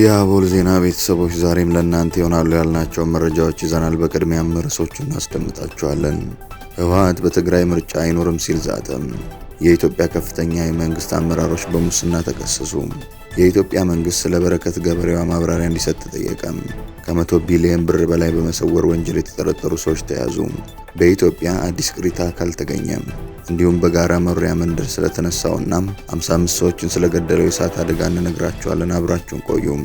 የአቦል ዜና ቤተሰቦች ዛሬም ለእናንተ ይሆናሉ ያልናቸውን መረጃዎች ይዘናል። በቅድሚያም ርዕሶቹን እናስደምጣችኋለን። ህወሓት በትግራይ ምርጫ አይኖርም ሲል ዛተም። የኢትዮጵያ ከፍተኛ የመንግስት አመራሮች በሙስና ተከሰሱ። የኢትዮጵያ መንግስት ስለ በረከት ገበሬዋ ማብራሪያ እንዲሰጥ ተጠየቀም። ከመቶ ቢሊዮን ብር በላይ በመሰወር ወንጀል የተጠረጠሩ ሰዎች ተያዙ። በኢትዮጵያ አዲስ ቅሪተ አካል እንዲሁም በጋራ መኖሪያ መንደር ስለተነሳውና 55 ሰዎችን ስለገደለው የእሳት አደጋ እንነግራችኋለን። አብራችሁን ቆዩም።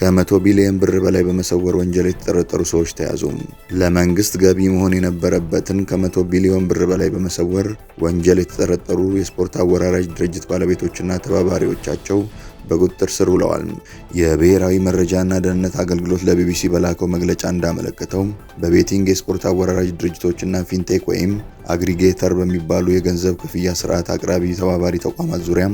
ከመቶ ቢሊዮን ብር በላይ በመሰወር ወንጀል የተጠረጠሩ ሰዎች ተያዙ። ለመንግስት ገቢ መሆን የነበረበትን ከመቶ ቢሊዮን ብር በላይ በመሰወር ወንጀል የተጠረጠሩ የስፖርት አወራራጅ ድርጅት ባለቤቶችና ተባባሪዎቻቸው በቁጥጥር ስር ውለዋል። የብሔራዊ መረጃና ደህንነት አገልግሎት ለቢቢሲ በላከው መግለጫ እንዳመለከተው በቤቲንግ የስፖርት አወራራጅ ድርጅቶችና ፊንቴክ ወይም አግሪጌተር በሚባሉ የገንዘብ ክፍያ ስርዓት አቅራቢ ተባባሪ ተቋማት ዙሪያ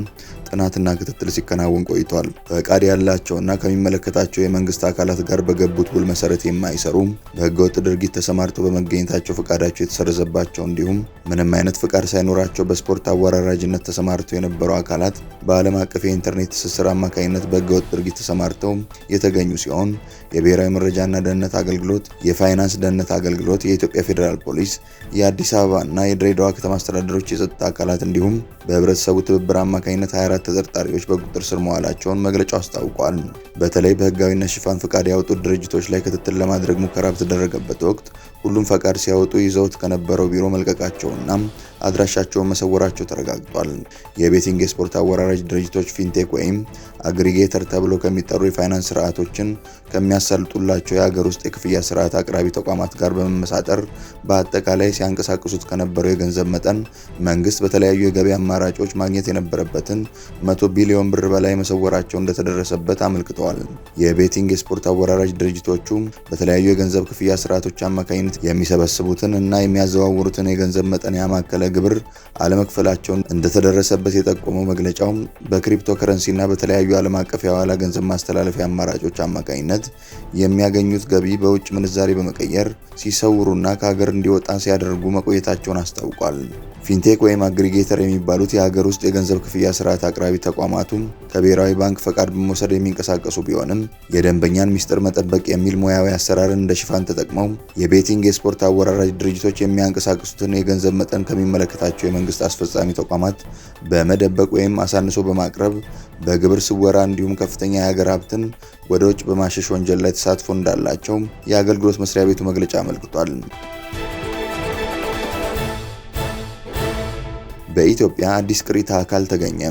ጥናትና ክትትል ሲከናወን ቆይቷል። ፈቃድ ያላቸውና ከሚመለከታቸው የመንግስት አካላት ጋር በገቡት ውል መሰረት የማይሰሩ በህገወጥ ድርጊት ተሰማርተው በመገኘታቸው ፈቃዳቸው የተሰረዘባቸው እንዲሁም ምንም አይነት ፍቃድ ሳይኖራቸው በስፖርት አወራራጅነት ተሰማርተው የነበሩ አካላት በዓለም አቀፍ የኢንተርኔት ትስስር አማካኝነት በህገወጥ ድርጊት ተሰማርተው የተገኙ ሲሆን የብሔራዊ መረጃና ደህንነት አገልግሎት፣ የፋይናንስ ደህንነት አገልግሎት፣ የኢትዮጵያ ፌዴራል ፖሊስ፣ የአዲስ አበባ የድሬዳዋና የድሬዳዋ ከተማ አስተዳደሮች የጸጥታ አካላት እንዲሁም በህብረተሰቡ ትብብር አማካኝነት 24 ተጠርጣሪዎች በቁጥጥር ስር መዋላቸውን መግለጫው አስታውቋል። በተለይ በህጋዊነት ሽፋን ፈቃድ ያወጡት ድርጅቶች ላይ ክትትል ለማድረግ ሙከራ በተደረገበት ወቅት ሁሉም ፈቃድ ሲያወጡ ይዘውት ከነበረው ቢሮ መልቀቃቸውና አድራሻቸውን መሰወራቸው ተረጋግጧል። የቤቲንግ የስፖርት አወራራጅ ድርጅቶች ፊንቴክ ወይም አግሪጌተር ተብለው ከሚጠሩ የፋይናንስ ስርዓቶችን ከሚያሳልጡላቸው የሀገር ውስጥ የክፍያ ስርዓት አቅራቢ ተቋማት ጋር በመመሳጠር በአጠቃላይ ሲያንቀሳቅሱት ከነበረው የገንዘብ መጠን መንግስት በተለያዩ የገበያ አማራጮች ማግኘት የነበረበትን 100 ቢሊዮን ብር በላይ መሰወራቸው እንደተደረሰበት አመልክተዋል። የቤቲንግ የስፖርት አወራራጅ ድርጅቶቹ በተለያዩ የገንዘብ ክፍያ ስርዓቶች አማካኝነት የሚሰበስቡትን እና የሚያዘዋውሩትን የገንዘብ መጠን ያማከለ ግብር አለመክፈላቸውን እንደተደረሰበት የጠቆመው መግለጫው በክሪፕቶ እና በተለያዩ ዓለም አቀፍ የሐዋላ ገንዘብ ማስተላለፊያ አማራጮች አማካኝነት የሚያገኙት ገቢ በውጭ ምንዛሬ በመቀየር ሲሰውሩና ከሀገር እንዲወጣ ሲያደርጉ መቆየታቸውን አስታውቋል። ፊንቴክ ወይም አግሪጌተር የሚባሉት የሀገር ውስጥ የገንዘብ ክፍያ ስርዓት አቅራቢ ተቋማቱም ከብሔራዊ ባንክ ፈቃድ በመውሰድ የሚንቀሳቀሱ ቢሆንም የደንበኛን ሚስጥር መጠበቅ የሚል ሙያዊ አሰራርን እንደ ሽፋን ተጠቅመው የቤቲንግ የስፖርት አወራራጅ ድርጅቶች የሚያንቀሳቅሱትን የገንዘብ መጠን ከሚመለከታቸው የመንግስት አስፈጻሚ ተቋማት በመደበቅ ወይም አሳንሶ በማቅረብ በግብር ስወራ እንዲሁም ከፍተኛ የሀገር ሀብትን ወደ ውጭ በማሸሽ ወንጀል ላይ ተሳትፎ እንዳላቸው የአገልግሎት መስሪያ ቤቱ መግለጫ አመልክቷል። በኢትዮጵያ አዲስ ቅሪተ አካል ተገኘ።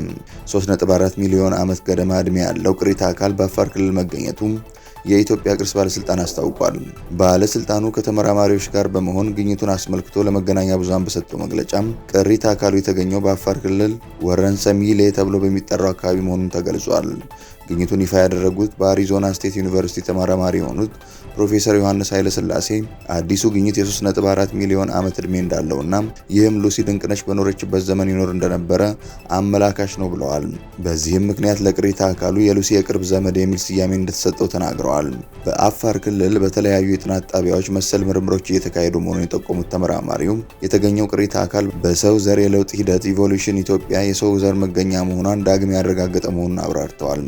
3.4 ሚሊዮን ዓመት ገደማ ዕድሜ ያለው ቅሪተ አካል በአፋር ክልል መገኘቱ የኢትዮጵያ ቅርስ ባለስልጣን አስታውቋል። ባለስልጣኑ ከተመራማሪዎች ጋር በመሆን ግኝቱን አስመልክቶ ለመገናኛ ብዙሃን በሰጠው መግለጫ ቅሪተ አካሉ የተገኘው በአፋር ክልል ወረንሰሚሌ ተብሎ በሚጠራው አካባቢ መሆኑን ተገልጿል። ግኝቱን ይፋ ያደረጉት በአሪዞና ስቴት ዩኒቨርሲቲ ተመራማሪ የሆኑት ፕሮፌሰር ዮሐንስ ኃይለስላሴ አዲሱ ግኝት የ3.4 ሚሊዮን ዓመት ዕድሜ እንዳለውና ይህም ሉሲ ድንቅነሽ በኖረችበት ዘመን ይኖር እንደነበረ አመላካሽ ነው ብለዋል። በዚህም ምክንያት ለቅሪተ አካሉ የሉሲ የቅርብ ዘመድ የሚል ስያሜ እንደተሰጠው ተናግረዋል። በአፋር ክልል በተለያዩ የጥናት ጣቢያዎች መሰል ምርምሮች እየተካሄዱ መሆኑን የጠቆሙት ተመራማሪው የተገኘው ቅሪተ አካል በሰው ዘር የለውጥ ሂደት ኢቮሉሽን ኢትዮጵያ የሰው ዘር መገኛ መሆኗን ዳግም ያረጋገጠ መሆኑን አብራርተዋል።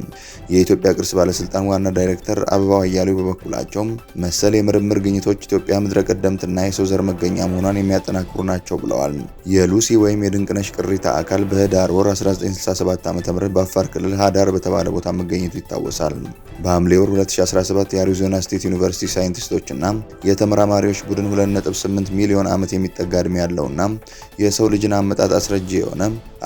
የኢትዮጵያ ቅርስ ባለስልጣን ዋና ዳይሬክተር አበባው አያሌው በበኩላቸው መሰል የምርምር ግኝቶች ኢትዮጵያ ምድረ ቀደምትና የሰው ዘር መገኛ መሆኗን የሚያጠናክሩ ናቸው ብለዋል። የሉሲ ወይም የድንቅነሽ ቅሪታ አካል በህዳር ወር 1967 ዓ ም በአፋር ክልል ሀዳር በተባለ ቦታ መገኘቱ ይታወሳል። በሐምሌ ወር 2017 የአሪዞና ስቴት ዩኒቨርሲቲ ሳይንቲስቶችና የተመራማሪዎች ቡድን 2.8 ሚሊዮን ዓመት የሚጠጋ ዕድሜ ያለውና የሰው ልጅን አመጣጥ አስረጂ የሆነ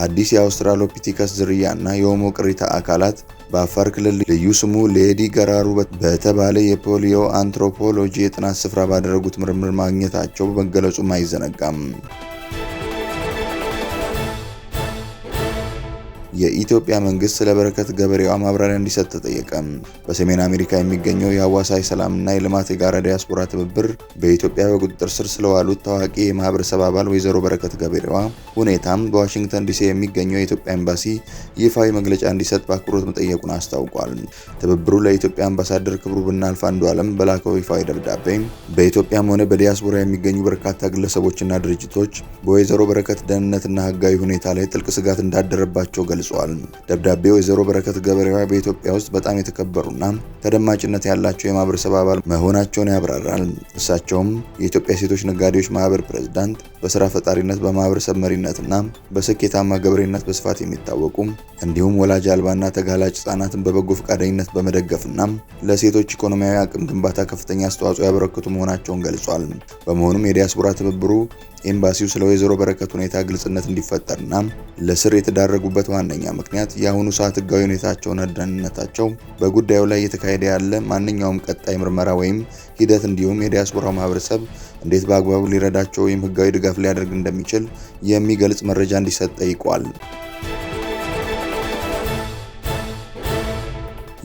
አዲስ የአውስትራሎፒቲከስ ዝርያና የሆሞ ቅሪታ አካላት በአፋር ክልል ልዩ ስሙ ሌዲ ገራሩ በተባለ የፖሊዮ አንትሮፖሎጂ የጥናት ስፍራ ባደረጉት ምርምር ማግኘታቸው በመገለጹም አይዘነጋም። የኢትዮጵያ መንግስት ስለ በረከት ገበሬዋ ማብራሪያ እንዲሰጥ ተጠየቀ። በሰሜን አሜሪካ የሚገኘው የአዋሳ ሰላምና የልማት የጋራ ዲያስፖራ ትብብር በኢትዮጵያ በቁጥጥር ስር ስለዋሉት ታዋቂ የማህበረሰብ አባል ወይዘሮ በረከት ገበሬዋ ሁኔታም በዋሽንግተን ዲሲ የሚገኘው የኢትዮጵያ ኤምባሲ ይፋዊ መግለጫ እንዲሰጥ በአክብሮት መጠየቁን አስታውቋል። ትብብሩ ለኢትዮጵያ አምባሳደር ክብሩ ብናልፍ አለም በላከው ይፋዊ ደብዳቤ በኢትዮጵያም ሆነ በዲያስፖራ የሚገኙ በርካታ ግለሰቦችና ድርጅቶች በወይዘሮ በረከት ደህንነትና ህጋዊ ሁኔታ ላይ ጥልቅ ስጋት እንዳደረባቸው ገልጿል። ገልጿል። ደብዳቤው ወይዘሮ በረከት ገበሬዋ በኢትዮጵያ ውስጥ በጣም የተከበሩና ተደማጭነት ያላቸው የማህበረሰብ አባል መሆናቸውን ያብራራል። እሳቸውም የኢትዮጵያ ሴቶች ነጋዴዎች ማህበር ፕሬዝዳንት፣ በስራ ፈጣሪነት፣ በማህበረሰብ መሪነትና በስኬታማ ገበሬነት በስፋት የሚታወቁ እንዲሁም ወላጅ አልባና ተጋላጭ ህጻናትን በበጎ ፈቃደኝነት በመደገፍና ለሴቶች ኢኮኖሚያዊ አቅም ግንባታ ከፍተኛ አስተዋጽኦ ያበረከቱ መሆናቸውን ገልጿል። በመሆኑም የዲያስፖራ ትብብሩ ኤምባሲው ስለ ወይዘሮ በረከት ሁኔታ ግልጽነት እንዲፈጠርና ለስር የተዳረጉበት ዋነኛ ምክንያት የአሁኑ ሰዓት ህጋዊ ሁኔታቸውና ደህንነታቸው በጉዳዩ ላይ እየተካሄደ ያለ ማንኛውም ቀጣይ ምርመራ ወይም ሂደት እንዲሁም የዲያስፖራው ማህበረሰብ እንዴት በአግባቡ ሊረዳቸው ወይም ህጋዊ ድጋፍ ሊያደርግ እንደሚችል የሚገልጽ መረጃ እንዲሰጥ ጠይቋል።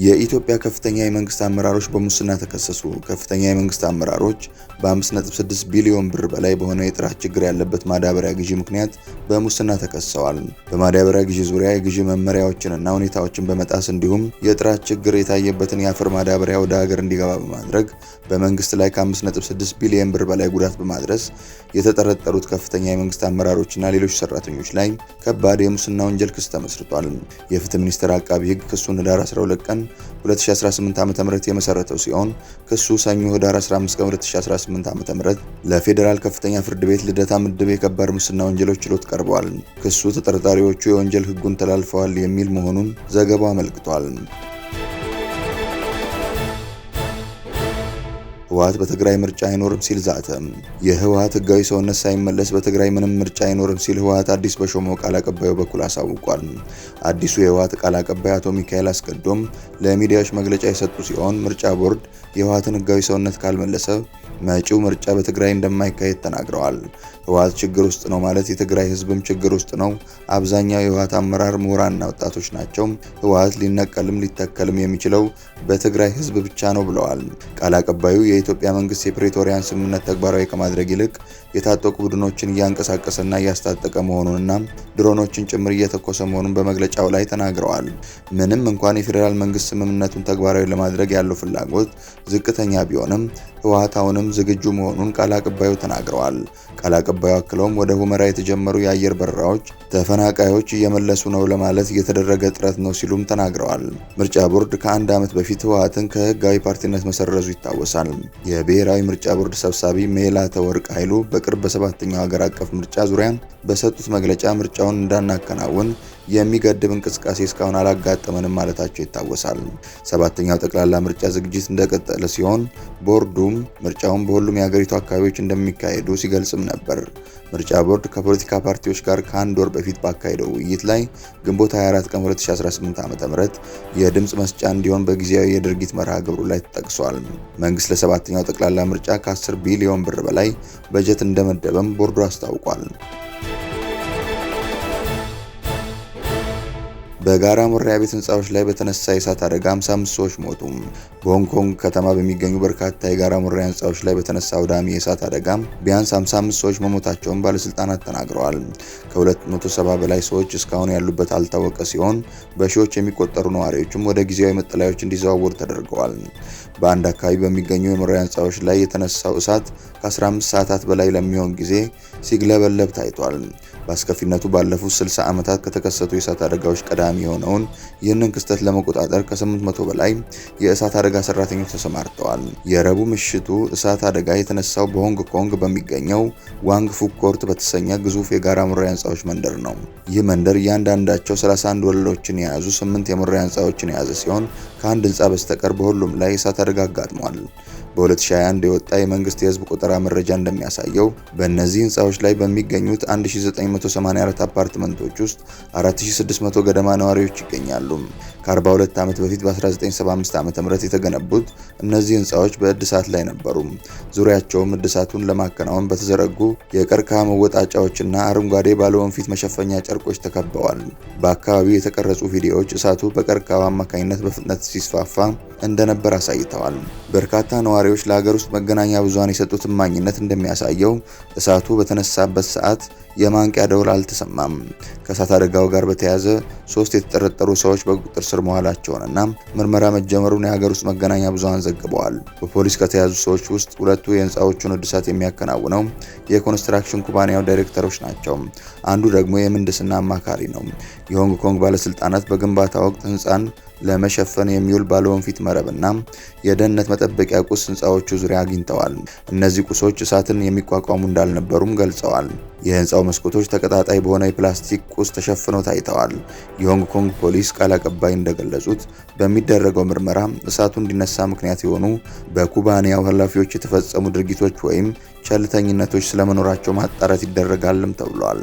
የኢትዮጵያ ከፍተኛ የመንግስት አመራሮች በሙስና ተከሰሱ። ከፍተኛ የመንግስት አመራሮች በ5.6 ቢሊዮን ብር በላይ በሆነ የጥራት ችግር ያለበት ማዳበሪያ ግዢ ምክንያት በሙስና ተከሰዋል። በማዳበሪያ ግዢ ዙሪያ የግዢ መመሪያዎችንና ሁኔታዎችን በመጣስ እንዲሁም የጥራት ችግር የታየበትን የአፈር ማዳበሪያ ወደ ሀገር እንዲገባ በማድረግ በመንግስት ላይ ከ5.6 ቢሊዮን ብር በላይ ጉዳት በማድረስ የተጠረጠሩት ከፍተኛ የመንግስት አመራሮችና ሌሎች ሰራተኞች ላይ ከባድ የሙስና ወንጀል ክስ ተመስርቷል። የፍትህ ሚኒስቴር አቃቢ ህግ ክሱን ህዳር 12 ቀን 2018 ዓ.ም የመሰረተው ሲሆን ክሱ ሰኞ ህዳር 15 ቀን 2018 ዓ.ም ለፌዴራል ከፍተኛ ፍርድ ቤት ልደታ ምድብ የከባድ ሙስና ወንጀሎች ችሎት ቀርበዋል። ክሱ ተጠርጣሪዎቹ የወንጀል ህጉን ተላልፈዋል የሚል መሆኑን ዘገባው አመልክቷል። ህወሓት በትግራይ ምርጫ አይኖርም ሲል ዛተ። የህወሓት ህጋዊ ሰውነት ሳይመለስ በትግራይ ምንም ምርጫ አይኖርም ሲል ህወሓት አዲስ በሾመው ቃል አቀባዩ በኩል አሳውቋል። አዲሱ የህወሓት ቃል አቀባይ አቶ ሚካኤል አስቀዶም ለሚዲያዎች መግለጫ የሰጡ ሲሆን ምርጫ ቦርድ የህወሓትን ህጋዊ ሰውነት ካልመለሰ መጪው ምርጫ በትግራይ እንደማይካሄድ ተናግረዋል። ህወሓት ችግር ውስጥ ነው ማለት የትግራይ ህዝብም ችግር ውስጥ ነው። አብዛኛው የህወሓት አመራር ምሁራንና ወጣቶች ናቸው። ህወሓት ሊነቀልም ሊተከልም የሚችለው በትግራይ ህዝብ ብቻ ነው ብለዋል። ቃል አቀባዩ የኢትዮጵያ መንግስት የፕሬቶሪያን ስምምነት ተግባራዊ ከማድረግ ይልቅ የታጠቁ ቡድኖችን እያንቀሳቀሰና እያስታጠቀ መሆኑንና ድሮኖችን ጭምር እየተኮሰ መሆኑን በመግለጫው ላይ ተናግረዋል። ምንም እንኳን የፌዴራል መንግስት ስምምነቱን ተግባራዊ ለማድረግ ያለው ፍላጎት ዝቅተኛ ቢሆንም ህወሓት አሁንም ዝግጁ መሆኑን ቃል አቀባዩ ተናግረዋል። ቃል አቀባዩ አክለውም ወደ ሁመራ የተጀመሩ የአየር በረራዎች ተፈናቃዮች እየመለሱ ነው ለማለት የተደረገ ጥረት ነው ሲሉም ተናግረዋል። ምርጫ ቦርድ ከአንድ ዓመት በፊት ህወሓትን ከህጋዊ ፓርቲነት መሰረዙ ይታወሳል። የብሔራዊ ምርጫ ቦርድ ሰብሳቢ ሜላተ ወርቅ ኃይሉ በቅርብ በሰባተኛው ሀገር አቀፍ ምርጫ ዙሪያ በሰጡት መግለጫ ምርጫውን እንዳናከናውን የሚገድብ እንቅስቃሴ እስካሁን አላጋጠመንም ማለታቸው ይታወሳል። ሰባተኛው ጠቅላላ ምርጫ ዝግጅት እንደቀጠለ ሲሆን ቦርዱም ምርጫውን በሁሉም የሀገሪቱ አካባቢዎች እንደሚካሄዱ ሲገልጽም ነበር። ምርጫ ቦርድ ከፖለቲካ ፓርቲዎች ጋር ከአንድ ወር በፊት ባካሄደው ውይይት ላይ ግንቦት 24 ቀን 2018 ዓ ም የድምፅ መስጫ እንዲሆን በጊዜያዊ የድርጊት መርሃ ግብሩ ላይ ተጠቅሷል። መንግስት ለሰባተኛው ጠቅላላ ምርጫ ከ10 ቢሊዮን ብር በላይ በጀት እንደመደበም ቦርዱ አስታውቋል። በጋራ መኖሪያ ቤት ህንፃዎች ላይ በተነሳ የእሳት አደጋ 55 ሰዎች ሞቱ። በሆንግ ኮንግ ከተማ በሚገኙ በርካታ የጋራ መኖሪያ ህንፃዎች ላይ በተነሳ አውዳሚ የእሳት አደጋ ቢያንስ 55 ሰዎች መሞታቸውን ባለስልጣናት ተናግረዋል። ከ270 በላይ ሰዎች እስካሁን ያሉበት አልታወቀ ሲሆን በሺዎች የሚቆጠሩ ነዋሪዎችም ወደ ጊዜያዊ መጠለያዎች እንዲዘዋወሩ ተደርገዋል። በአንድ አካባቢ በሚገኙ የመኖሪያ ህንፃዎች ላይ የተነሳው እሳት ከ15 ሰዓታት በላይ ለሚሆን ጊዜ ሲግለበለብ ታይቷል። በአስከፊነቱ ባለፉት 60 ዓመታት ከተከሰቱ የእሳት አደጋዎች ቀዳሚ የሆነውን ይህንን ክስተት ለመቆጣጠር ከ800 በላይ የእሳት አደጋ ሰራተኞች ተሰማርተዋል። የረቡዕ ምሽቱ እሳት አደጋ የተነሳው በሆንግ ኮንግ በሚገኘው ዋንግ ፉክ ኮርት በተሰኘ ግዙፍ የጋራ መኖሪያ ህንፃዎች መንደር ነው። ይህ መንደር እያንዳንዳቸው 31 ወለሎችን የያዙ 8 የመኖሪያ ህንፃዎችን የያዘ ሲሆን ከአንድ ህንፃ በስተቀር በሁሉም ላይ እሳት አደጋ አጋጥሟል። በ2021 የወጣ የመንግስት የህዝብ ቁጠራ መረጃ እንደሚያሳየው በእነዚህ ህንፃዎች ላይ በሚገኙት 1984 አፓርትመንቶች ውስጥ 4600 ገደማ ነዋሪዎች ይገኛሉ። ከ42 ዓመት በፊት በ1975 ዓ ም የተገነቡት እነዚህ ህንፃዎች በእድሳት ላይ ነበሩ። ዙሪያቸውም እድሳቱን ለማከናወን በተዘረጉ የቀርከሃ መወጣጫዎችና አረንጓዴ ባለወንፊት መሸፈኛ ጨርቆች ተከበዋል። በአካባቢው የተቀረጹ ቪዲዮዎች እሳቱ በቀርከሃው አማካኝነት በፍጥነት ሲስፋፋ እንደነበር አሳይተዋል። በርካታ ነዋሪ ነዋሪዎች ለሀገር ውስጥ መገናኛ ብዙኃን የሰጡት እማኝነት እንደሚያሳየው እሳቱ በተነሳበት ሰዓት የማንቂያ ደውል አልተሰማም። ከእሳት አደጋው ጋር በተያያዘ ሶስት የተጠረጠሩ ሰዎች በቁጥጥር ስር መዋላቸውንና ምርመራ መጀመሩን የሀገር ውስጥ መገናኛ ብዙኃን ዘግበዋል። በፖሊስ ከተያዙ ሰዎች ውስጥ ሁለቱ የህንፃዎቹን እድሳት የሚያከናውነው የኮንስትራክሽን ኩባንያው ዳይሬክተሮች ናቸው። አንዱ ደግሞ የምህንድስና አማካሪ ነው። የሆንግ ኮንግ ባለስልጣናት በግንባታ ወቅት ህንፃን ለመሸፈን የሚውል ባለወንፊት መረብና የደህንነት መጠበቂያ ቁስ ህንፃዎቹ ዙሪያ አግኝተዋል። እነዚህ ቁሶች እሳትን የሚቋቋሙ እንዳልነበሩም ገልጸዋል። የህንፃው መስኮቶች ተቀጣጣይ በሆነ የፕላስቲክ ቁስ ተሸፍነው ታይተዋል። የሆንግ ኮንግ ፖሊስ ቃል አቀባይ እንደገለጹት በሚደረገው ምርመራ እሳቱ እንዲነሳ ምክንያት የሆኑ በኩባንያው ኃላፊዎች የተፈጸሙ ድርጊቶች ወይም ቸልተኝነቶች ስለመኖራቸው ማጣራት ይደረጋልም ተብሏል።